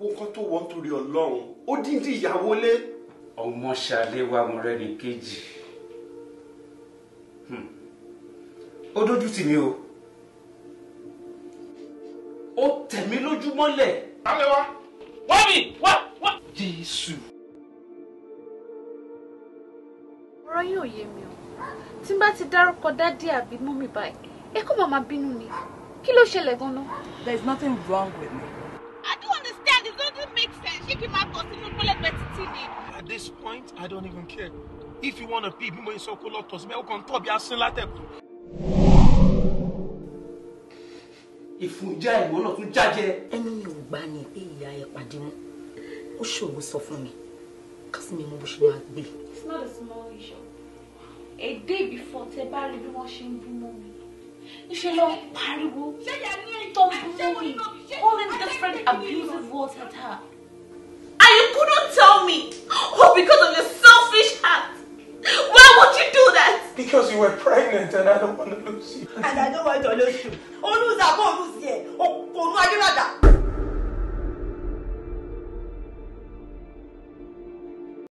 wo tó wọ́n torí ọlọ́run ó dídí ìyàwó lé. ọmọ ṣàléwá mo rẹ ní kejì hmm. ó dójú tì mí o ó tẹ̀ lójú mọ́lẹ̀. alẹ́ wa wá mi wá wá. jésù. ọ̀rọ̀ yóò yé mi o tí n bá ti dárúkọ dádì àbí mọ́mì báyìí ẹ kó màmá bínú ni kí ló ṣẹlẹ̀ gan-an. there is nothing wrong with me at this point i don't even care if you wanna pee mímọ iṣan kó lọ tọ̀ síbẹ̀ ó kàn tọ̀ bí asín látẹ̀kùn. ìfúnjẹ ìwọ náà tún jájẹ. ẹnu mi ò gbà ní pé ìyá ẹ pàdé mú ó ṣòro sọ fún mi kásì mi mọ bó it's not a small issue a day before tẹ bá rí bí wọ́n ṣe ń bú mọ́ mi níṣẹ́ ló ń pariwo tó ń bú mi all these different abusive words at her. Oh, because of your selfish act. Why would you do that? Because you were pregnant and I don't want to lose you. And I don't want to lose you. Oh, lose that, go lose here. Oh, oh, no, I didn't